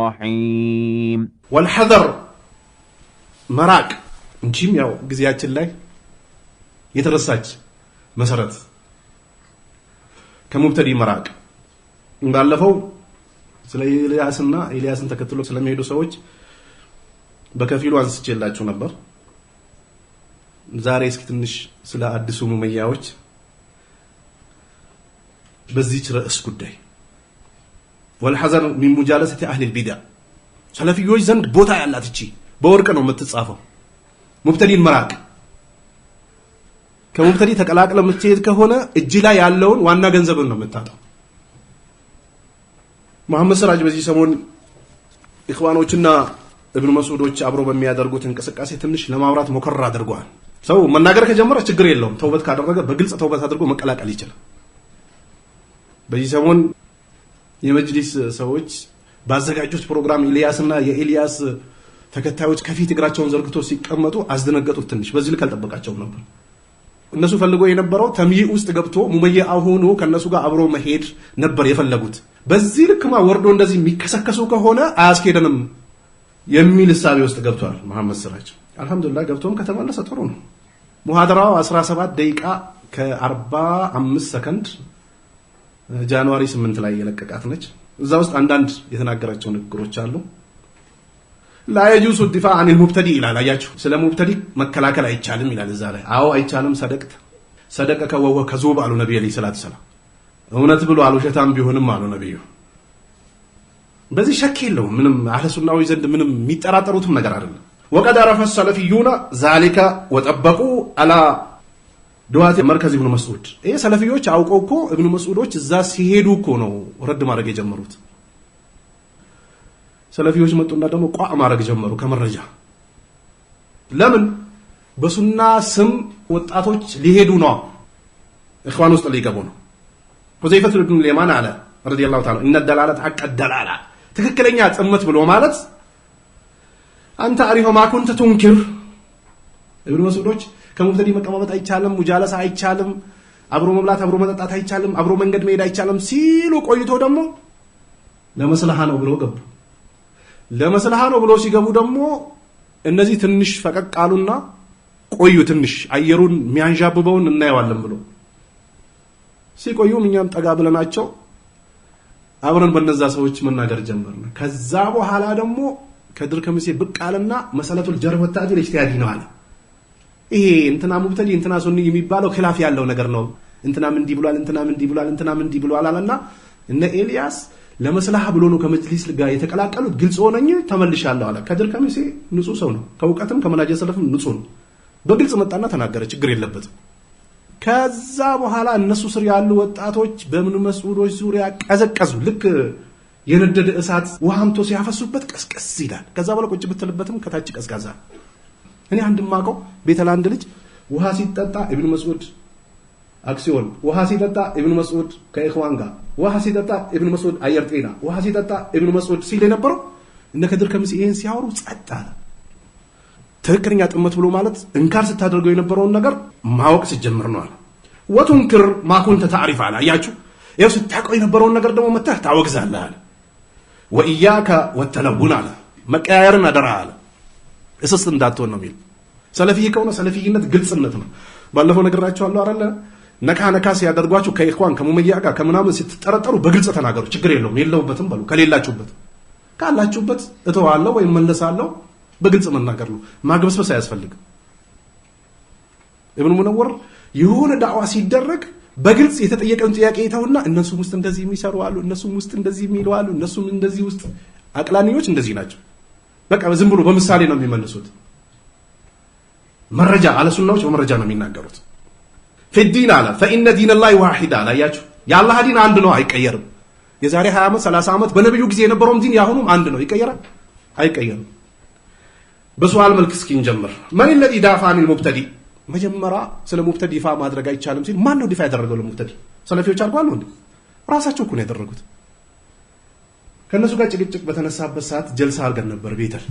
ረሒም ወልሐዘር መራቅ እንጂም ያው ጊዜያችን ላይ የተረሳች መሰረት ከሙብተዲ መራቅ ባለፈው ስለ ኢልያስና ኢልያስን ተከትሎ ስለሚሄዱ ሰዎች በከፊሉ አንስቼላችሁ ነበር። ዛሬ እስኪ ትንሽ ስለ አዲሱ ሙመያዎች በዚህች ርዕስ ጉዳይ ወልሐዘር ሚን ሙጃለሰት አህሊል ቢድዓ ሰለፊዮች ዘንድ ቦታ ያላት እቺ በወርቅ ነው የምትጻፈው። ሙብተዲን መራቅ ከሙብተዲ ተቀላቅለ የምትሄድ ከሆነ እጅ ላይ ያለውን ዋና ገንዘብን ነው የምታጣው። መሐመድ ሰራጅ በዚህ ሰሞን ኢኽዋኖችና እብን መስዑዶች አብሮ በሚያደርጉት እንቅስቃሴ ትንሽ ለማብራት ሞከር አድርጓል። ሰው መናገር ከጀመረ ችግር የለውም። ተውበት ካደረገ በግልጽ ተውበት አድርጎ መቀላቀል ይችላል። በዚህ ሰሞን የመጅሊስ ሰዎች ባዘጋጁት ፕሮግራም ኢልያስና የኢልያስ ተከታዮች ከፊት እግራቸውን ዘርግቶ ሲቀመጡ አስደነገጡት። ትንሽ በዚህ ልክ አልጠበቃቸውም ነበር። እነሱ ፈልጎ የነበረው ተምይ ውስጥ ገብቶ ሙመይአ ሆኖ ከእነሱ ጋር አብሮ መሄድ ነበር የፈለጉት። በዚህ ልክማ ወርዶ እንደዚህ የሚከሰከሱ ከሆነ አያስኬደንም የሚል እሳቤ ውስጥ ገብቷል መሐመድ ስራች አልሐምዱሊላህ ገብቶም ከተመለሰ ጥሩ ነው። ሙሐደራው 17 ደቂቃ ከ45 ሰከንድ ጃንዋሪ ስምንት ላይ የለቀቃት ነች። እዛ ውስጥ አንዳንድ የተናገራቸው ንግግሮች አሉ። ላየጁሱ ዲፋ አኒል ሙብተዲ ይላል። አያችሁ፣ ስለ ሙብተዲ መከላከል አይቻልም ይላል እዛ ላይ። አዎ አይቻልም። ሰደቅት ሰደቀ ከወወ ከዙብ አሉ ነቢዩ ዐለይሂ ሰላቱ ሰላም። እውነት ብሎ አሉ ሸታም ቢሆንም አሉ ነቢዩ። በዚህ ሸክ የለውም ምንም። አህለ ሱናዊ ዘንድ ምንም የሚጠራጠሩትም ነገር አይደለም። ወቀድ አረፈ ሰለፊዩና ዛሊከ ወጠበቁ አላ ድዋት መርከዝ ኢብኑ መስዑድ ይህ ሰለፊዎች አውቀው እኮ እብኑ መስዑዶች እዛ ሲሄዱ እኮ ነው ረድ ማድረግ የጀመሩት። ሰለፊዎች መጡና ደግሞ ቋዕ ማድረግ ጀመሩ ከመረጃ ለምን በሱና ስም ወጣቶች ሊሄዱ ነው፣ እኽዋን ውስጥ ሊገቡ ነው። ሁዘይፈት ብኑ ልየማን አለ ረዲየላሁ ተዓላ እነ ደላለት ሐቀ ደላላ ትክክለኛ ጥመት ብሎ ማለት አንተ አሪሆ ማ ኩንተ ቱንኪር እብኑ መስዑዶች ከሙብተዲ መቀማመጥ አይቻልም፣ ሙጃለሳ አይቻልም፣ አብሮ መብላት አብሮ መጠጣት አይቻልም፣ አብሮ መንገድ መሄድ አይቻልም ሲሉ ቆይቶ ደግሞ ለመስልሃ ነው ብሎ ገቡ። ለመስልሃ ነው ብሎ ሲገቡ ደግሞ እነዚህ ትንሽ ፈቀቅ አሉና ቆዩ፣ ትንሽ አየሩን የሚያንዣብበውን እናየዋለን ብሎ ሲቆዩም እኛም ጠጋ ብለናቸው አብረን በነዛ ሰዎች መናገር ጀመርን። ከዛ በኋላ ደግሞ ከድር ከምሴ ብቅ አለና መሰለቱል ጀርህ ወታጅል ነው አለ። ይሄ እንትና ሙብተዲ እንትና ሱኒ የሚባለው ክላፍ ያለው ነገር ነው። እንትናም እንዲህ ብሏል፣ እንትናም እንዲህ ብሏል፣ እንትናም እንዲህ ብሏል አላልና እነ ኤልያስ ለመስላህ ብሎ ነው ከመጅሊስ ጋር የተቀላቀሉት። ግልጽ ሆነኝ ተመልሻለሁ አለ። ከድር ከሚሴ ንጹህ ሰው ነው። ከእውቀትም ከመናጀ ሰለፍም ንጹህ ነው። በግልጽ መጣና ተናገረ። ችግር የለበትም። ከዛ በኋላ እነሱ ስር ያሉ ወጣቶች በምን መስዑዶች ዙሪያ ቀዘቀዙ። ልክ የነደደ እሳት ውሃምቶ ሲያፈሱበት ቀስቀስ ይላል። ከዛ በኋላ ቁጭ ብትልበትም ከታች ቀዝቃዛ እኔ አንድ ማቀው ቤተላንድ ልጅ ውሃ ሲጠጣ ኢብኑ መስዑድ አክሲዮን ውሃ ሲጠጣ ኢብኑ መስዑድ ከኢኽዋን ጋር ውሃ ሲጠጣ ኢብኑ መስዑድ አየር ጤና ውሃ ሲጠጣ ኢብኑ መስዑድ ሲል የነበረው እነ ከድር ከምሲ ይሄን ሲያወሩ ጸጥ አለ። ትክክለኛ ጥመት ብሎ ማለት እንካር ስታደርገው የነበረውን ነገር ማወቅ ስትጀምር ነው አለ። ወቱንክር ማኩንተ ታዕሪፍ አለ። አያችሁ ያው ስታውቀው የነበረውን ነገር ደግሞ መተህ ታወግዛለህ አለ። ወእያከ ወተለውን አለ። መቀያየርን አደራ አለ። እስስት እንዳትሆን ነው የሚል ሰለፊይ ከሆነ ሰለፊይነት ግልጽነት ነው። ባለፈው ነግራችኋለሁ አይደለ? ነካ ነካ ሲያደርጓችሁ ከኢኽዋን ከሙመያ ጋር ከምናምን ስትጠረጠሩ በግልጽ ተናገሩ። ችግር የለውም የለውበትም በሉ። ከሌላችሁበት ካላችሁበት እተዋለሁ ወይም መለሳለሁ። በግልጽ መናገር ነው። ማግበስበስ አያስፈልግም። ኢብኑ ሙነወር የሆነ ዳዕዋ ሲደረግ በግልጽ የተጠየቀን ጥያቄ ይተውና እነሱም ውስጥ እንደዚህ የሚሰሩ አሉ፣ እነሱም ውስጥ እንደዚህ የሚሉ አሉ፣ እነሱም እንደዚህ ውስጥ አቅላንዮች እንደዚህ ናቸው። በቃ ዝም ብሎ በምሳሌ ነው የሚመልሱት። መረጃ አለሱናዎች በመረጃ ነው የሚናገሩት። ፊዲን አለ ፈኢነ ዲን ላይ ዋሂድ አለ። አያችሁ የአላህ ዲን አንድ ነው፣ አይቀየርም። የዛሬ 20 ዓመት 30 ዓመት በነቢዩ ጊዜ የነበረውም ዲን የአሁኑም አንድ ነው። ይቀየራል? አይቀየርም። በሰዋል መልክ እስኪ እንጀምር። መን ለዚ ዳፋ አኒል ሙብተዲ መጀመሪያ ስለ ሙብተዲ ይፋ ማድረግ አይቻልም ሲል ማን ነው ዲፋ ያደረገው? ለሙብተዲ ሰለፊዎች አድርጓሉ እንዴ? ራሳቸው እኮ ነው ያደረጉት። ከእነሱ ጋር ጭቅጭቅ በተነሳበት ሰዓት ጀልሳ አድርገን ነበር ቤተል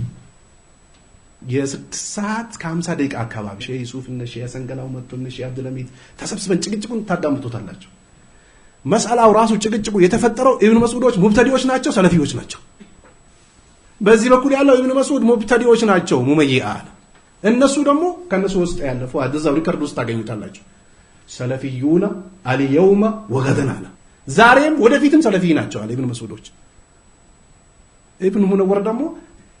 የስድስት ሰዓት ከሀምሳ ደቂቃ አካባቢ ሼህ ዩሱፍ እነ ሼህ ሰንገላው መጥቶ እነ ሼህ አብዱልሚድ ተሰብስበን ጭቅጭቁን ታዳምቶታላቸው። መስአላው ራሱ ጭቅጭቁ የተፈጠረው ኢብን መስዑዶች ሙብተዲዎች ናቸው፣ ሰለፊዎች ናቸው። በዚህ በኩል ያለው ኢብን መስዑድ ሙብተዲዎች ናቸው፣ ሙመይአ እነሱ ደግሞ ከእነሱ ውስጥ ያለፉ አደዛው ሪከርድ ውስጥ ታገኙታላቸው። ሰለፊዩና አልየውመ ወገደን አለ። ዛሬም ወደፊትም ሰለፊ ናቸው አለ ኢብን መስዑዶች ኢብን ሙነወር ደግሞ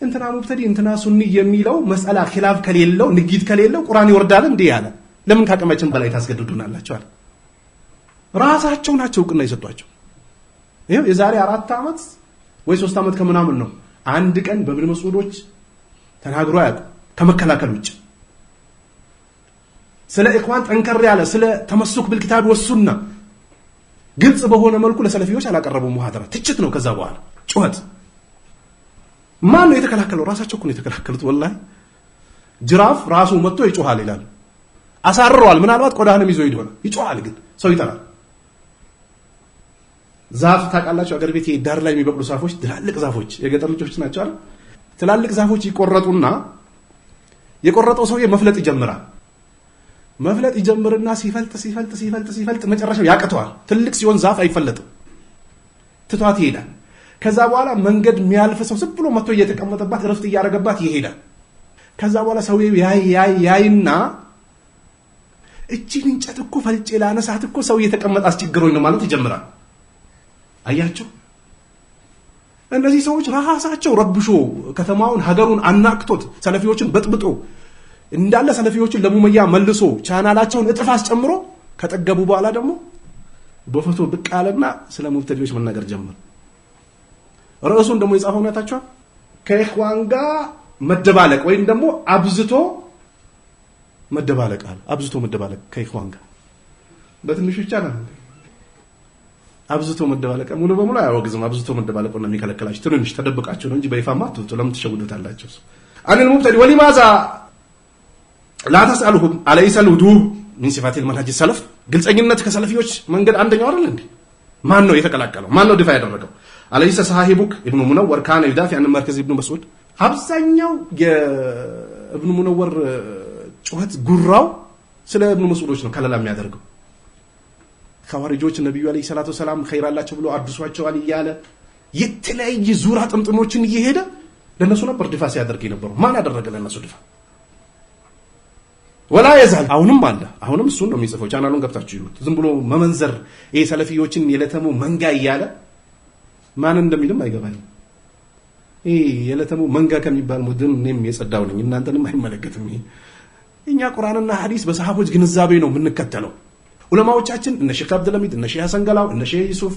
እንትና ሙብተዲ እንትና ሱኒ የሚለው መስአላ ኺላፍ ከሌለው ንግድ ከሌለው ቁርአን ይወርዳል እንዴ ያለ ለምን ካቅማችን በላይ ታስገድዱናላችሁ አለ። ራሳቸው ናቸው እውቅና የሰጧቸው። ይሄው የዛሬ አራት አመት ወይ ሶስት አመት ከምናምን ነው አንድ ቀን በብን መስዑዶች ተናግሮ አያውቁም ከመከላከል ውጭ ስለ ኢኽዋን ጠንከር ያለ ስለ ተመሱክ ብልኪታብ ወሱና ግልጽ በሆነ መልኩ ለሰለፊዎች አላቀረቡም። ሙሐደራ ትችት ነው። ከዛ በኋላ ጩኸት ማን ነው የተከላከለው? ራሳቸው እኮ ነው የተከላከሉት። ወላሂ ጅራፍ ራሱ መጥቶ ይጮሃል ይላል። አሳርሯል። ምናልባት ቆዳህንም ይዞ ሄድ ይሆናል። ይጮሃል፣ ግን ሰው ይጠራል። ዛፍ ታውቃላችሁ? አገር ቤት ዳር ላይ የሚበቅሉ ዛፎች፣ ትላልቅ ዛፎች የገጠር ልጆች ናቸው አይደል? ትላልቅ ዛፎች ይቆረጡና የቆረጠው ሰውዬ መፍለጥ ይጀምራል። መፍለጥ ይጀምርና ሲፈልጥ ሲፈልጥ ሲፈልጥ ሲፈልጥ መጨረሻው ያቅተዋል። ትልቅ ሲሆን ዛፍ አይፈለጥም፣ ትቷት ይሄዳል። ከዛ በኋላ መንገድ የሚያልፍ ሰው ስብሎ መቶ መጥቶ እየተቀመጠባት ረፍት እያደረገባት ይሄዳል። ከዛ በኋላ ሰው ያይ ያይ ያይና እችን እንጨት እኮ ፈልጬ ላነሳት እኮ ሰው እየተቀመጠ አስቸግሮኝ ነው ማለት ይጀምራል። አያቸው እነዚህ ሰዎች ራሳቸው ረብሾ ከተማውን ሀገሩን አናቅቶት ሰለፊዎችን በጥብጦ እንዳለ ሰለፊዎችን ለሙመያ መልሶ ቻናላቸውን እጥፍ አስጨምሮ ከጠገቡ በኋላ ደግሞ በፎቶ ብቅ አለና ስለ ሙብተዲዎች መናገር ጀምር። ርዕሱን ደግሞ የጻፈው እውነታቸዋል ከኢኽዋን ጋር መደባለቅ ወይም ደግሞ አብዝቶ መደባለቅ አለ። አብዝቶ መደባለቅ ከኢኽዋን ጋር በትንሹ ነው አብዝቶ መደባለቅ ሙሉ በሙሉ አያወግዝም። አብዝቶ መደባለቅ ነው የሚከለክላችሁ። ትንንሽ ተደብቃችሁ ነው እንጂ በይፋማ አትውጡ። ለምን ትሸውዱታላችሁ? አንል ሙብተዲ ወሊማዛ ላ ተስአልሁም አለይሰል ውዱብ ሚን ሲፋቲል መንሀጅ ሰለፍ ግልፀኝነት ከሰለፊዎች መንገድ አንደኛው አይደል እንዴ? ማን ነው የተቀላቀለው? ማን ነው ድፋ ያደረገው? አለይሰ ሳሂቡክ ኢብኑ ሙነወር ካነ ዩዳፊ ያን መርከዝ ኢብኑ መስዑድ አብዛኛው የእብኑ ሙነወር ጩኸት ጉራው ስለ ኢብኑ መስዑዶች ነው ከለላ የሚያደርገው ኸዋሪጆች ነቢዩ አለይሂ ሰላቱ ሰላም ኸይር አላቸው ብሎ አድሷቸዋል እያለ የተለያየ ዙራ ጥምጥሞችን እየሄደ ለነሱ ነበር ድፋ ሲያደርግ የነበረው ማን ያደረገ ለነሱ ድፋ ወላ የዛል አሁንም አለ አሁንም እሱን ነው የሚጽፈው ቻናሉን ገብታችሁ ይሉት ዝም ብሎ መመንዘር ይሄ ሰለፊዎችን የለተሙ መንጋ እያለ ማን እንደሚልም አይገባኝም። ይህ የለተሙ መንጋ ከሚባል ቡድን እኔም የጸዳው ነኝ፣ እናንተንም አይመለከትም። እኛ ቁርአንና ሀዲስ በሰሃቦች ግንዛቤ ነው የምንከተለው። ዑለማዎቻችን እነ ሼክ አብድልሚድ እነ ሼህ ሰንገላው እነ ሼህ ዩሱፍ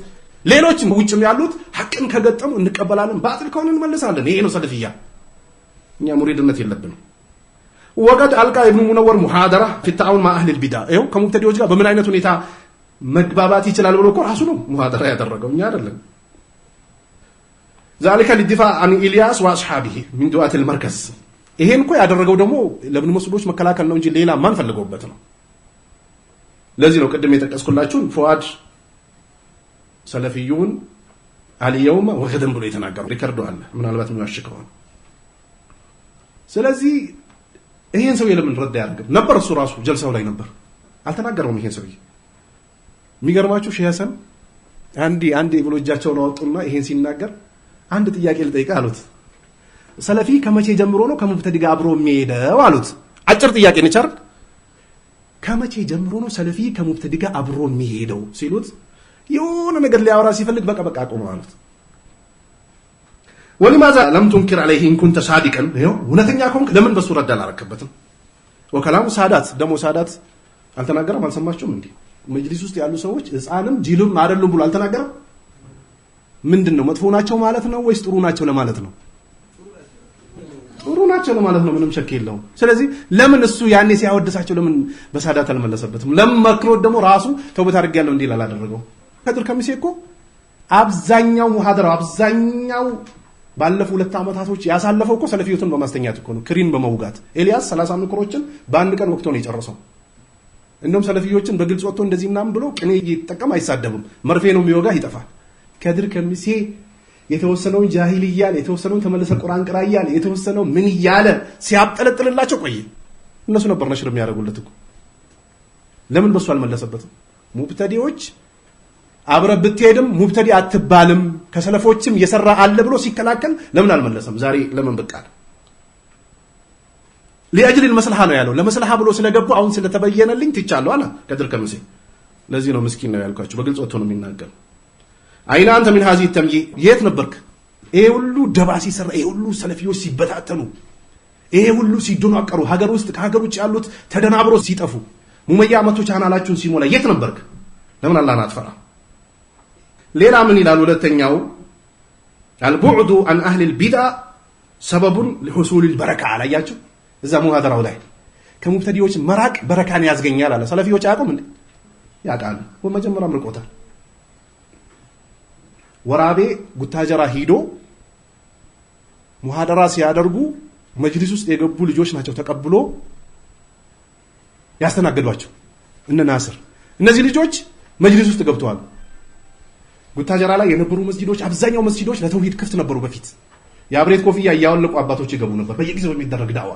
ውጭም ያሉት ሀቅን ከገጠሙ እንቀበላለን፣ በአጥል ከሆነ እንመልሳለን። ይሄ ነው ሰለፍያ። እኛ ሙሪድነት የለብንም። ወቀድ አልቃ ኢብኑ ሙነወር ሙሐደራ ፊታውን ማአህል ቢዳ ይው ከሙብተዲዎች ጋር በምን አይነት ሁኔታ መግባባት ይችላል ብሎ እኮ ራሱ ነው ሙሐደራ ያደረገው እኛ አይደለም። ዛሊከ ሊዲፋዕ አን ኢልያስ ወአስሓቢሂ ሚን ዱዓት ልመርከዝ ይሄን እኮ ያደረገው ደግሞ ለብን መስዑዶች መከላከል ነው እንጂ ሌላ ማን ፈልገውበት ነው። ለዚህ ነው ቅድም የጠቀስኩላችሁን ፉአድ ሰለፊዩን አልየውመ ወገደን ብሎ የተናገረው ሪከርዶ አለ፣ ምናልባት የሚዋሽ ከሆነ ስለዚህ ይሄን ሰውዬ ለምን ረዳ ያደርግም ነበር። እሱ ራሱ ጀልሳው ላይ ነበር፣ አልተናገረውም። ይሄን ሰውዬ የሚገርማችሁ ሼህ ሀሰን አንዴ አንዴ ብሎ እጃቸውን አወጡና ይሄን ሲናገር አንድ ጥያቄ ልጠይቅ አሉት። ሰለፊ ከመቼ ጀምሮ ነው ከሙብተዲ ጋር አብሮ የሚሄደው አሉት። አጭር ጥያቄ ነች አይደል? ከመቼ ጀምሮ ነው ሰለፊ ከሙብተዲ ጋር አብሮ የሚሄደው ሲሉት የሆነ ነገር ሊያወራ ሲፈልግ በቃ በቃ አቁመው አሉት። ወሊማዛ ለም ቱንኪር ዓለይህ ኢንኩንተ ሳዲቀን፣ እውነተኛ ከሆንክ ለምን በሱ ረዳ አላረከበትም? ወከላሙ ሳዳት ደግሞ ሳዳት አልተናገረም። አልሰማችሁም? እንዲህ መጅሊስ ውስጥ ያሉ ሰዎች ህፃንም ጅልም አይደሉም ብሎ አልተናገረም። ምንድን ነው? መጥፎ ናቸው ማለት ነው ወይስ ጥሩ ናቸው ለማለት ነው? ጥሩ ናቸው ለማለት ነው። ምንም ሸክ የለውም። ስለዚህ ለምን እሱ ያኔ ሲያወድሳቸው ለምን በሳዳት አልመለሰበትም? ለምን መክሮት ደግሞ ራሱ ተውበት አድርጌያለሁ እንዲል አላደረገው? ከድር ከሚሴ እኮ አብዛኛው ሙሐደራው አብዛኛው ባለፉ ሁለት ዓመታቶች ያሳለፈው እኮ ሰለፊዮትን በማስተኛት እኮ ነው፣ ክሪን በመውጋት ኤልያስ 30 ምክሮችን በአንድ ቀን ወቅቶ ነው የጨረሰው። እንደውም ሰለፊዮችን በግልጽ ወጥቶ እንደዚህ ምናምን ብሎ ቅኔ ይጠቀም አይሳደብም፣ መርፌ ነው የሚወጋ ይጠፋል። ከድር ከሚሴ የተወሰነውን ጃሂል እያለ የተወሰነውን ተመለሰ ቁርአን ቅራ እያለ የተወሰነው ምን እያለ ሲያብጠለጥልላቸው ቆየ። እነሱ ነበር ነሽር የሚያደርጉለት እኮ ለምን በሱ አልመለሰበትም? ሙብተዲዎች አብረ ብትሄድም ሙብተዲ አትባልም ከሰለፎችም የሰራ አለ ብሎ ሲከላከል ለምን አልመለሰም? ዛሬ ለምን ብቃል ሊአጅል መስልሃ ነው ያለው። ለመስልሃ ብሎ ስለገቡ አሁን ስለተበየነልኝ ትቻለሁ አለ ከድር ከምሴ። ለዚህ ነው ምስኪን ነው ያልኳቸው። በግልጽ ወጥቶ ነው የሚናገር አይና አንተ ሚን ሀዚ ተምይ የት ነበርክ? ይሄ ሁሉ ደባ ሲሰራ፣ ይሄ ሁሉ ሰለፊዎች ሲበታተኑ፣ ይሄ ሁሉ ሲደናቀሩ፣ ሀገር ውስጥ ከሀገር ውጭ ያሉት ተደናብሮ ሲጠፉ፣ ሙመያ መቶ ቻናላችሁን ሲሞላ የት ነበርክ? ለምን አላህን አትፈራ? ሌላ ምን ይላል? ሁለተኛው አልቡዕዱ አን አህሊል ልቢድአ ሰበቡን ሊሑሱል በረካ አላያችሁ? እዛ ሙሃደራው ላይ ከሙብተዲዎች መራቅ በረካን ያስገኛል አለ። ሰለፊዎች አያውቁም እንዴ? ያውቃሉ። መጀመሪያም ርቆታል ወራቤ ጉታጀራ ሂዶ ሙሃደራ ሲያደርጉ መጅሊስ ውስጥ የገቡ ልጆች ናቸው ተቀብሎ ያስተናገዷቸው እነ ናስር። እነዚህ ልጆች መጅሊስ ውስጥ ገብተዋል። ጉታጀራ ላይ የነበሩ መስጂዶች አብዛኛው መስጂዶች ለተውሂድ ክፍት ነበሩ። በፊት የአብሬት ኮፍያ እያወለቁ አባቶች ይገቡ ነበር በየጊዜው የሚደረግ ዳዋ።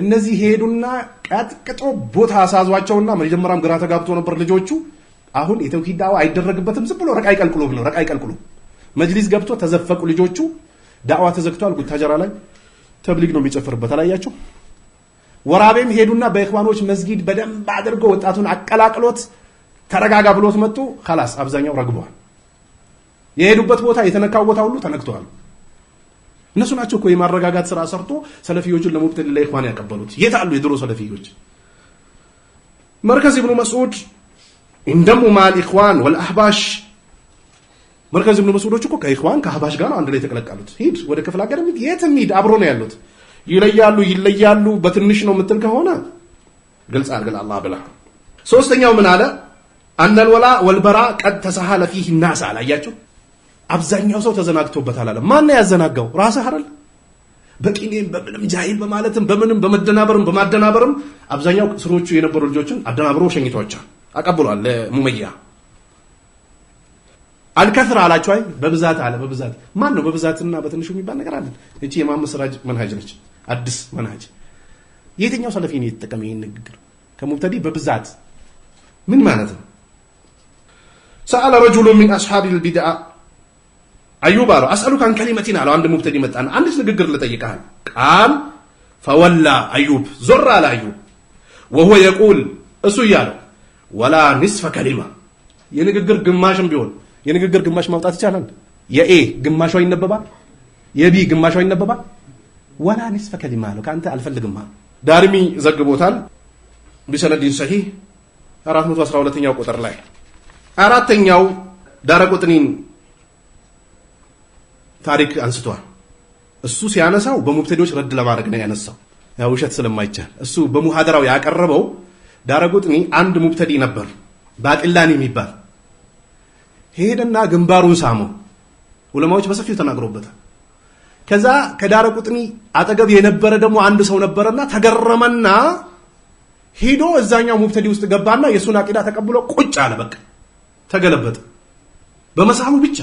እነዚህ ሄዱና ቀጥቅጦ ቦታ አሳዟቸውና መጀመሪያም ግራ ተጋብቶ ነበር ልጆቹ አሁን የተውሂድ ዳዋ አይደረግበትም። ዝም ብሎ ረቃይ ቀልቅሎ ብለው ረቃይ ቀልቅሎ መጅሊስ ገብቶ ተዘፈቁ ልጆቹ። ዳዋ ተዘግቷል። ጉታጀራ ላይ ተብሊግ ነው የሚጨፍርበት አላያቸው። ወራቤም ሄዱና በኢኽዋኖች መስጊድ በደንብ አድርገው ወጣቱን አቀላቅሎት ተረጋጋ ብሎት መጡ። ላስ አብዛኛው ረግቧል። የሄዱበት ቦታ የተነካው ቦታ ሁሉ ተነክተዋል። እነሱ ናቸው እኮ የማረጋጋት ስራ ሰርቶ ሰለፊዮቹን ለሙብተድ ለኢኽዋን ያቀበሉት። የት አሉ የድሮ ሰለፊዎች? መርከዝ ኢብኑ መስዑድ ኢንደሙ ማል ወልአህባሽ መርከዝ ብኑ መስዑዶች እኮ ከኢኽዋን ከአህባሽ ጋር አንድ ላይ የተቀላቀሉት። ሂድ ወደ ክፍለ ሀገር ሂድ፣ የትም ሂድ፣ አብሮ ነው ያሉት። ይለያሉ ይለያሉ። በትንሽ ነው የምትል ከሆነ ግልጽ አድርገን አላህ ብላ። ሶስተኛው ምን አለ? አነል ወላ ወልበራ ቀድ ተሰሃለ ፊህ ናስ አለ። አያችሁ፣ አብዛኛው ሰው ተዘናግቶበታል አለ። ማን ያዘናጋው? ራስህ አይደል? በቂኔም በምንም ጃሂል በማለትም በምንም በመደናበርም በማደናበርም አብዛኛው ስሮቹ የነበሩ ልጆችን አደናብሮ ሸኝቷቸዋል። አቀብሏል ለሙመያ አልከስር አላቸው። አይ በብዛት አለ። በብዛት ማን ነው? በብዛትና በትንሹ የሚባል ነገር አለ። እቺ የማመድ ሲራጅ መንሃጅ ነች፣ አዲስ መንሃጅ። የትኛው ሰለፊ ነው የተጠቀመ ይህን ንግግር? ከሙብተዲ በብዛት ምን ማለት ነው? ሰአለ ረጁሉ ሚን አስሓብ ልቢድአ አዩብ አለው አስአሉካ አን ከሊመቲን አለው። አንድ ሙብተዲ መጣና አንዲት ንግግር ልጠይቀሃል። ቃል ፈወላ አዩብ ዞር አለ አዩብ ወሁወ የቁል እሱ እያለው ወላ ኒስፈ ከሊማ የንግግር ግማሽም ቢሆን የንግግር ግማሽ ማውጣት ይቻላል። የኤ ግማሿ ይነበባል፣ የቢ ግማሿ ይነበባል። ወላ ኒስፈ ከሊማ አለው ከአንተ አልፈልግም። ዳርሚ ዘግቦታል ቢሰነዲን ሰሂህ 412ኛው ቁጥር ላይ አራተኛው ዳረቁጥኒን ታሪክ አንስቷል። እሱ ሲያነሳው በሙብተዲዎች ረድ ለማድረግ ነው ያነሳው፣ ያው ውሸት ስለማይቻል እሱ በሙሃደራው ያቀረበው ዳረጉጥኒ አንድ ሙብተዲ ነበር፣ ባቂላን የሚባል ሄደና ግንባሩን ሳመው። ዑለማዎች በሰፊው ተናግሮበታል። ከዛ ከዳረ ቁጥኒ አጠገብ የነበረ ደግሞ አንድ ሰው ነበረና ተገረመና ሂዶ እዛኛው ሙብተዲ ውስጥ ገባና የሱን አቂዳ ተቀብሎ ቁጭ አለ። በቃ ተገለበጠ በመሳሙ ብቻ።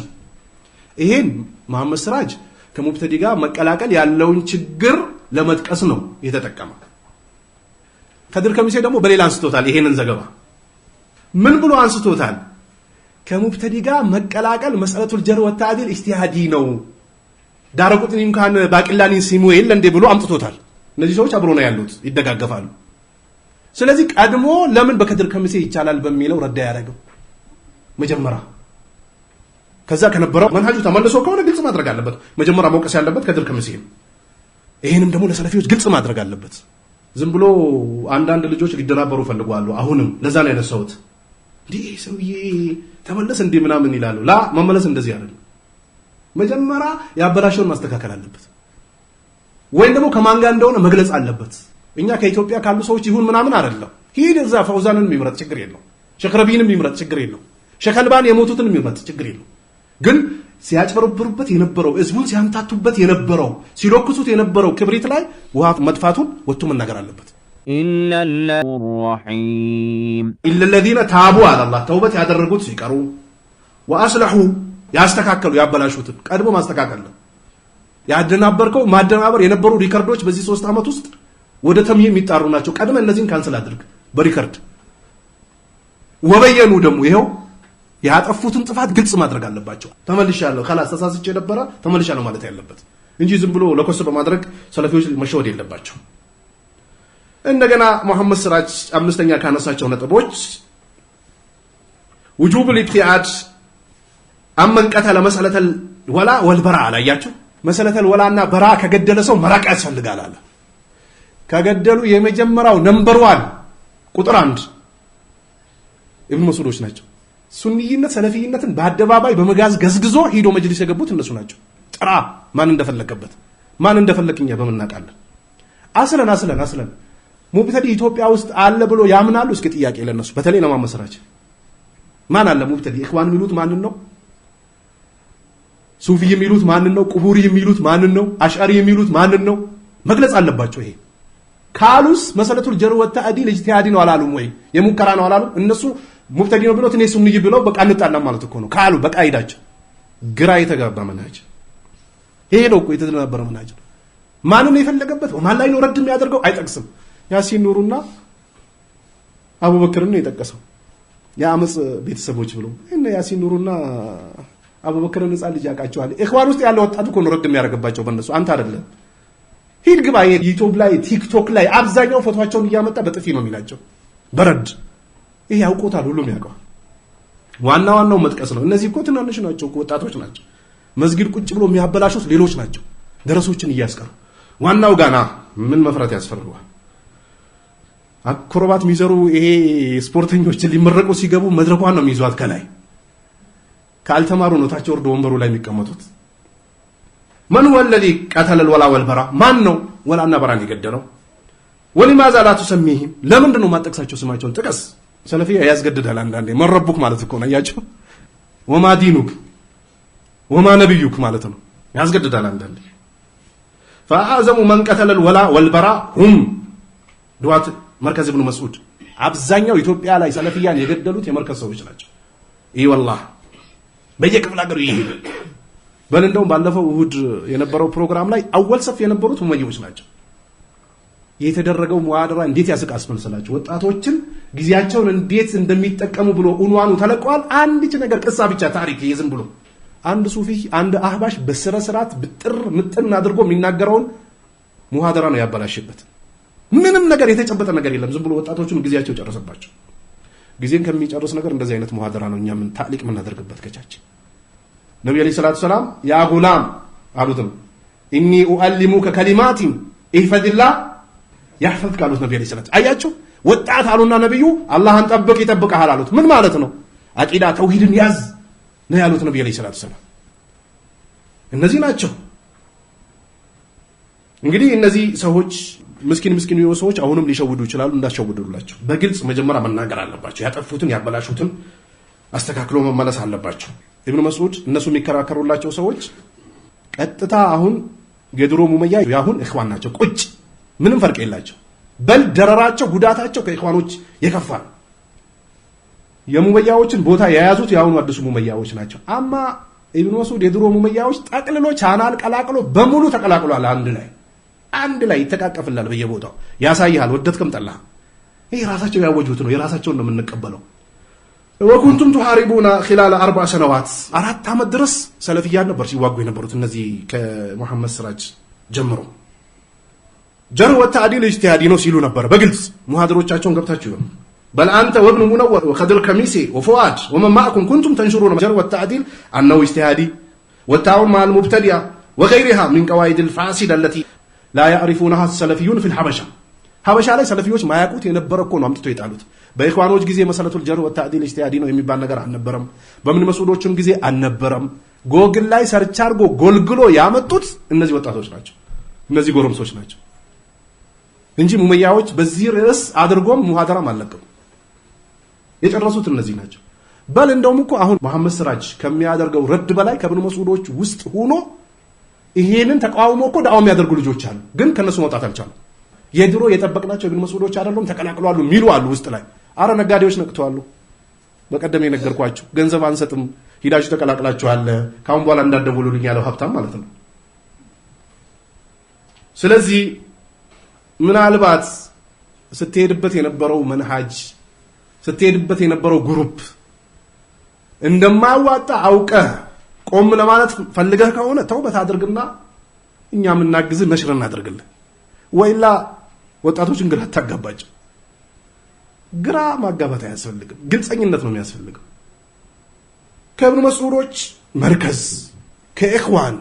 ይሄን መሐመድ ስራጅ ከሙብተዲ ጋር መቀላቀል ያለውን ችግር ለመጥቀስ ነው የተጠቀመው። ከድር ከሚሴ ደግሞ በሌላ አንስቶታል። ይሄንን ዘገባ ምን ብሎ አንስቶታል? ከሙብተዲ ጋር መቀላቀል መሰረቱል ጀር ወታዕዲል ኢጅቲሃዲ ነው። ዳረቁጥኒ እንኳን ባቂላኒን ሲሙ የለ እንዴ ብሎ አምጥቶታል። እነዚህ ሰዎች አብሮ ነው ያሉት፣ ይደጋገፋሉ። ስለዚህ ቀድሞ ለምን በከድር ከሚሴ ይቻላል በሚለው ረዳ ያደረገው መጀመሪያ ከዛ ከነበረው መንሃጁ ተመልሶ ከሆነ ግልጽ ማድረግ አለበት። መጀመሪያ መውቀስ ያለበት ከድር ከሚሴ ነው። ይህንም ደግሞ ለሰለፊዎች ግልጽ ማድረግ አለበት። ዝም ብሎ አንዳንድ ልጆች ሊደናበሩ ፈልጓሉ። አሁንም ለዛ ነው ያነሳሁት። እንዲህ ሰውዬ ተመለስ እንዲህ ምናምን ይላሉ። ላ መመለስ እንደዚህ አይደለም። መጀመሪያ ያበላሸውን ማስተካከል አለበት፣ ወይም ደግሞ ከማን ጋር እንደሆነ መግለጽ አለበት። እኛ ከኢትዮጵያ ካሉ ሰዎች ይሁን ምናምን አይደለም። ሂድ እዛ ፈውዛንን የሚምረጥ ችግር የለው፣ ሸክረቢንም የሚምረጥ ችግር የለው፣ ሸከልባን የሞቱትን የሚምረጥ ችግር የለው። ግን ሲያጨበረብሩበት የነበረው ህዝቡን ሲያምታቱበት የነበረው ሲለኩሱት የነበረው ክብሪት ላይ ውሃ መጥፋቱን ወጥቶ መናገር አለበት። ኢለለዚነ ታቡ አለ ተውበት ያደረጉት ሲቀሩ ወአስለሑ ያስተካከሉ ያበላሹትን ቀድሞ ማስተካከል ነው። ያደናበርከው ማደናበር የነበሩ ሪከርዶች በዚህ ሶስት ዓመት ውስጥ ወደ ተምይ የሚጣሩ ናቸው። ቀድመ እነዚህን ካንስል አድርግ በሪከርድ ወበየኑ ደግሞ ይኸው ያጠፉትን ጥፋት ግልጽ ማድረግ አለባቸው። ተመልሻለሁ ካላስ ተሳስቼ የነበረ ተመልሻለሁ ማለት ያለበት እንጂ ዝም ብሎ ለኮስ በማድረግ ሰለፊዎች መሸወድ የለባቸው። እንደገና መሐመድ ሲራጅ አምስተኛ ካነሳቸው ነጥቦች ውጁብ ኢብቲአድ አመንቀተ ለመሰለተል ወላ ወልበራ አላያቸው መሰለተል ወላና በራ ከገደለ ሰው መራቅ ያስፈልጋል አለ። ከገደሉ የመጀመሪያው ነንበር ዋን ቁጥር አንድ ኢብን መስዑዶች ናቸው። ሱንይነት ሰለፊይነትን በአደባባይ በመጋዝ ገዝግዞ ሂዶ መጅሊስ የገቡት እነሱ ናቸው። ጥራ ማን እንደፈለገበት ማን እንደፈለግኛ በምናውቃለን። አስለን አስለን አስለን ሙብተዲ ኢትዮጵያ ውስጥ አለ ብሎ ያምናሉ። እስኪ ጥያቄ ለነሱ በተለይ ለማመሰራች ማን አለ ሙብተዲ? ኢኽዋን የሚሉት ማንን ነው? ሱፊ የሚሉት ማንን ነው? ቁቡሪ የሚሉት ማንን ነው? አሽዓሪ የሚሉት ማንን ነው? መግለጽ አለባቸው። ይሄ ካሉስ መሰረቱል ጀርወታ አዲል ኢጅቲሃዲ ነው አላሉም ወይ? የሙከራ ነው አላሉም እነሱ ሙብተዲ ነው ብሎት እኔ ሱንይ ብለው በቃ እንጣላም ማለት እኮ ነው ካሉ በቃ ግራ የተጋባ መናጅ ይሄ ነው እኮ የተደናበረ መናጅ ማንን የፈለገበት ማን ላይ ነው ረድ የሚያደርገው አይጠቅስም። ያሲን ኑሩና አቡበክርን ነው የጠቀሰው የአመፅ ቤተሰቦች ብሎ ያሲን ኑሩና አቡበክርን ህፃን ልጅ ያውቃቸዋል። ኢኽዋን ውስጥ ያለ ወጣት እኮ ነው ረድ የሚያደርግባቸው በእነሱ አንተ አይደለም። ሂድ ግባ። ዩቲዩብ ላይ ቲክቶክ ላይ አብዛኛው ፎቶቸውን እያመጣ በጥፊ ነው የሚላቸው በረድ ይሄ ያውቁታል፣ ሁሉም ያውቀዋል። ዋና ዋናው መጥቀስ ነው። እነዚህ እኮ ትናንሽ ናቸው፣ ወጣቶች ናቸው። መስጊድ ቁጭ ብሎ የሚያበላሹት ሌሎች ናቸው፣ ደረሶችን እያስቀሩ። ዋናው ጋና ምን መፍራት ያስፈልገዋል? አክሮባት የሚሰሩ ይሄ ስፖርተኞችን ሊመረቁ ሲገቡ መድረኳን ነው የሚይዟት። ከላይ ካልተማሩ ነው ታቸው ወርዶ ወንበሩ ላይ የሚቀመጡት። መን ወለዲ ቀተለል ወላ ወልበራ ማን ነው ወላና በራን የገደለው? ወሊማዛ ላቱ ቱሰሚሂም ለምንድን ነው ማጠቅሳቸው? ስማቸውን ጥቀስ። ሰለፊያ ያስገድዳል። አንዳንዴ መረቡክ ማለት እኮ ነው። አያችሁ ወማ ዲኑክ ወማ ነቢዩክ ማለት ነው። ያስገድዳል አንዳንዴ። ፈአዕዘሙ መን ቀተለል ወላ ወልበራ ሁም ድዋት መርከዝ ብኑ መስዑድ። አብዛኛው ኢትዮጵያ ላይ ሰለፊያን የገደሉት የመርከዝ ሰዎች ናቸው። ይህ ወላሂ በየክፍለ ሀገሩ ይሄ በል እንደውም ባለፈው እሁድ የነበረው ፕሮግራም ላይ አወል ሰፍ የነበሩት ሙመይቦች ናቸው። የተደረገው መዋደራ እንዴት ያስቃስ መሰላችሁ? ወጣቶችን ጊዜያቸውን እንዴት እንደሚጠቀሙ ብሎ ኡንዋኑ ተለቀዋል። አንድች ነገር ቅሳ ብቻ ታሪክ ይዝም ብሎ አንድ ሱፊ አንድ አህባሽ በስረ ስርዓት ብጥር ምጥን አድርጎ የሚናገረውን ሙሃደራ ነው ያበላሽበት። ምንም ነገር የተጨበጠ ነገር የለም። ዝም ብሎ ወጣቶቹን ጊዜያቸው ጨረሰባቸው። ጊዜን ከሚጨርስ ነገር እንደዚህ አይነት ሙሃደራ ነው እኛ ምን ታሊቅ የምናደርግበት ከቻችን። ነቢ ዓለይሂ ሰላቱ ሰላም ያ ጉላም አሉትም ኢኒ ኡአሊሙከ ከሊማቲን ኢህፈድላህ ያህፈዝክ አሉት ነቢ ስለት አያችሁ፣ ወጣት አሉና ነቢዩ አላህን ጠብቅ ይጠብቀሃል አሉት። ምን ማለት ነው? አቂዳ ተውሂድን ያዝ ነው ያሉት ነቢ ዐለይሂ ሰላቱ ሰላም። እነዚህ ናቸው እንግዲህ እነዚህ ሰዎች ምስኪን ምስኪን የሆኑ ሰዎች አሁንም ሊሸውዱ ይችላሉ። እንዳሸውዱላቸው በግልጽ መጀመሪያ መናገር አለባቸው። ያጠፉትን ያበላሹትን አስተካክሎ መመለስ አለባቸው። ኢብኑ መስዑድ እነሱ የሚከራከሩላቸው ሰዎች ቀጥታ አሁን የድሮ ሙመያ የአሁን እህዋን ናቸው ቁጭ ምንም ፈርቅ የላቸው። በል ደረራቸው፣ ጉዳታቸው ከኢኽዋኖች የከፋ ነው። የሙመያዎችን ቦታ የያዙት የአሁኑ አዲሱ ሙመያዎች ናቸው። አማ ኢብኑ መስዑድ የድሮ ሙመያዎች ጠቅልሎ ቻናል ቀላቅሎ በሙሉ ተቀላቅሏል። አንድ ላይ አንድ ላይ ይተቃቀፍላል በየቦታው ያሳይሃል። ወደት ከምጠላ። ይህ ራሳቸው ያወጁት ነው። የራሳቸውን ነው የምንቀበለው። ወኩንቱም ቱሐሪቡና ኺላለ አርባ ሰነዋት አራት ዓመት ድረስ ሰለፍያን ነበር ሲዋጉ የነበሩት እነዚህ ከሙሐመድ ስራጅ ጀምሮ ጀሩ ወተዕዲል ኢጅቲሃዲ ነው ሲሉ ነበር። በግልጽ ሙሃድሮቻቸውን ገብታችሁ ነው በልአንተ ወብኑ ሙነወር ወከድር ከሚሴ ወፉአድ ወመን ማዕኩም ኩንቱም ተንሽሩነ ጀሩ ወተዕዲል አነው ኢጅቲሃዲ ወታውን መዐል ሙብተዲአ ወገይሪሃ ሚን ቀዋኢዲል ፋሲዳ አለቲ ላ ያዕሪፉነሃ ሰለፊዩን ፊል ሐበሻ ሐበሻ ላይ ሰለፊዎች ማያውቁት የነበረ እኮ ነው አምጥቶ የጣሉት። በኢኽዋኖች ጊዜ መሰለቱል ጀሩ ወተዕዲል ኢጅቲሃዲ ነው የሚባል ነገር አልነበረም። በምን መስዑዶችም ጊዜ አልነበረም። ጎግል ላይ ሰርች አድርጎ ጎልግሎ ያመጡት እነዚህ ወጣቶች ናቸው፣ እነዚህ ጎረምሶች ናቸው። እንጂ ሙመያዎች በዚህ ርዕስ አድርጎም ሙሃደራም አልለቅም። የጨረሱት እነዚህ ናቸው። በል እንደውም እኮ አሁን መሐመድ ስራጅ ከሚያደርገው ረድ በላይ ከብኑ መስዑዶች ውስጥ ሆኖ ይሄንን ተቃውሞ እኮ ዳዋ የሚያደርጉ ልጆች አሉ፣ ግን ከነሱ መውጣት አልቻሉ። የድሮ የጠበቅናቸው የብኑ መስዑዶች አይደሉም ተቀላቅለዋሉ የሚሉ አሉ ውስጥ ላይ። አረ ነጋዴዎች ነቅተዋሉ። በቀደም የነገርኳቸው ገንዘብ አንሰጥም ሂዳችሁ ተቀላቅላችኋል፣ ከአሁን በኋላ እንዳትደውሉልኝ ያለው ሀብታም ማለት ነው። ስለዚህ ምናልባት ስትሄድበት የነበረው መንሃጅ ስትሄድበት የነበረው ግሩፕ እንደማያዋጣ አውቀህ ቆም ለማለት ፈልገህ ከሆነ ተውበት አድርግና እኛ የምናግዝህ ነሽር እናደርግልህ። ወይላ ወጣቶችን ግራ አታጋባቸው። ግራ ማጋባት አያስፈልግም። ግልፀኝነት ነው የሚያስፈልገው። ከእብኑ መስዑዶች መርከዝ ከኢኽዋን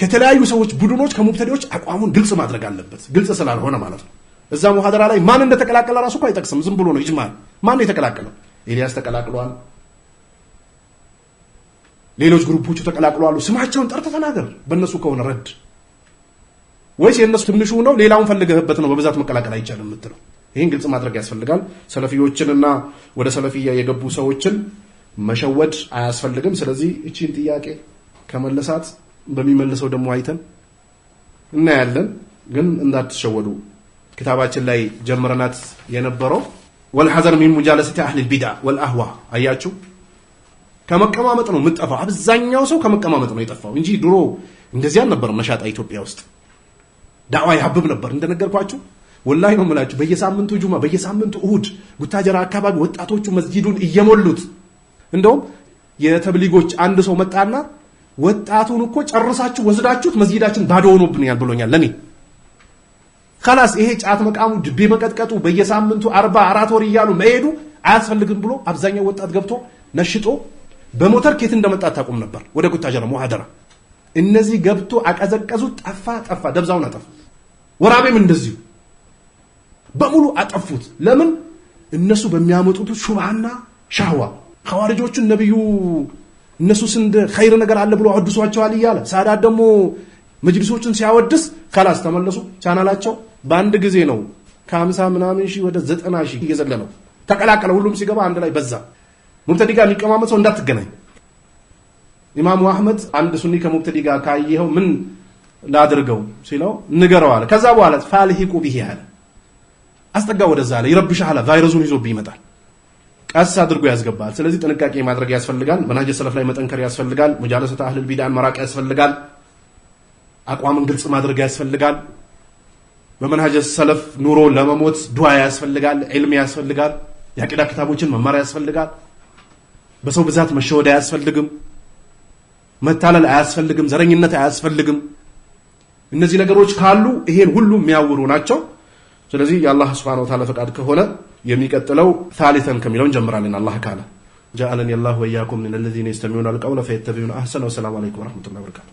ከተለያዩ ሰዎች ቡድኖች ከሙብተዲዎች አቋሙን ግልጽ ማድረግ አለበት። ግልጽ ስላልሆነ ማለት ነው። እዛ ሙሐደራ ላይ ማን እንደተቀላቀለ ራሱ እኮ አይጠቅስም። ዝም ብሎ ነው ይጅማል። ማን የተቀላቀለው? ኤልያስ ተቀላቅሏል፣ ሌሎች ግሩፖቹ ተቀላቅለዋሉ። ስማቸውን ጠርተ ተናገር። በእነሱ ከሆነ ረድ ወይስ የእነሱ ትንሹ ነው፣ ሌላውን ፈልገህበት ነው በብዛት መቀላቀል አይቻልም የምትለው? ይህን ግልጽ ማድረግ ያስፈልጋል። ሰለፊዎችንና ወደ ሰለፊያ የገቡ ሰዎችን መሸወድ አያስፈልግም። ስለዚህ እቺን ጥያቄ ከመለሳት በሚመልሰው ደግሞ አይተን እናያለን። ግን እንዳትሸወዱ ክታባችን ላይ ጀምረናት የነበረው ወልሐዘር ሚን ሙጃለሰቲ አህሊል ቢድዓ ወልአህዋ አያችሁ፣ ከመቀማመጥ ነው የምጠፋው። አብዛኛው ሰው ከመቀማመጥ ነው የጠፋው እንጂ ድሮ እንደዚህ አልነበረም። መሻጣ ኢትዮጵያ ውስጥ ዳዕዋ ያብብ ነበር እንደነገርኳችሁ። ወላሂ ነው የምላችሁ። በየሳምንቱ ጁማ፣ በየሳምንቱ እሁድ ጉታጀራ አካባቢ ወጣቶቹ መስጂዱን እየሞሉት እንደውም የተብሊጎች አንድ ሰው መጣና ወጣቱን እኮ ጨርሳችሁ ወስዳችሁት መስጊዳችን ባዶ ሆኖብኛል ብሎኛል። ለኔ ከላስ ይሄ ጫት መቃሙ፣ ድቤ መቀጥቀጡ፣ በየሳምንቱ አርባ አራት ወር እያሉ መሄዱ አያስፈልግም ብሎ አብዛኛው ወጣት ገብቶ ነሽጦ በሞተር ኬት እንደመጣ ታቁም ነበር ወደ ጉታጀራ ሙሐደራ። እነዚህ ገብቶ አቀዘቀዙት። ጠፋ ጠፋ፣ ደብዛውን አጠፉ። ወራቤም እንደዚሁ በሙሉ አጠፉት። ለምን እነሱ በሚያመጡት ሹባና ሻህዋ ሐዋርጆቹን ነብዩ እነሱ ስንድ ኸይር ነገር አለ ብሎ አወድሷቸዋል እያለ ሳዳት ደግሞ መጅሊሶችን ሲያወድስ ከላስ ተመለሱ። ቻናላቸው በአንድ ጊዜ ነው ከአምሳ ምናምን ሺህ ወደ ዘጠና ሺህ እየዘለ ነው ተቀላቀለ። ሁሉም ሲገባ አንድ ላይ በዛ። ሙብተዲ ጋር የሚቀማመጥ ሰው እንዳትገናኝ። ኢማሙ አህመድ አንድ ሱኒ ከሙብተዲ ጋር ካየኸው ምን ላድርገው ሲለው ንገረው አለ። ከዛ በኋላ ፋልሂቁ ብሄ አለ፣ አስጠጋ ወደዛ አለ። ይረብሻል፣ ቫይረሱን ይዞብህ ይመጣል። ቀስ አድርጎ ያስገባል። ስለዚህ ጥንቃቄ ማድረግ ያስፈልጋል። መናጀ ሰለፍ ላይ መጠንከር ያስፈልጋል። ሙጃለሰት አህልል ቢዳን መራቅ ያስፈልጋል። አቋምን ግልጽ ማድረግ ያስፈልጋል። በመናጀ ሰለፍ ኑሮ ለመሞት ዱዓ ያስፈልጋል። ዒልም ያስፈልጋል። የአቂዳ ክታቦችን መማር ያስፈልጋል። በሰው ብዛት መሸወድ አያስፈልግም። መታለል አያስፈልግም። ዘረኝነት አያስፈልግም። እነዚህ ነገሮች ካሉ ይሄን ሁሉ የሚያውሩ ናቸው። ስለዚህ የአላህ ስብሃነ ወተዓላ ፈቃድ ከሆነ የሚቀጥለው ታሊተን ከሚለው እንጀምራለን። አላህ ካለ ጃአለን የላሁ ወኢያኩም ሚነለዚነ የስተሚዑነ አልቀውለ ፈየተቢዑነ አሕሰነሁ። ወሰላሙ አለይኩም ወረሕመቱላሂ ወበረካቱህ።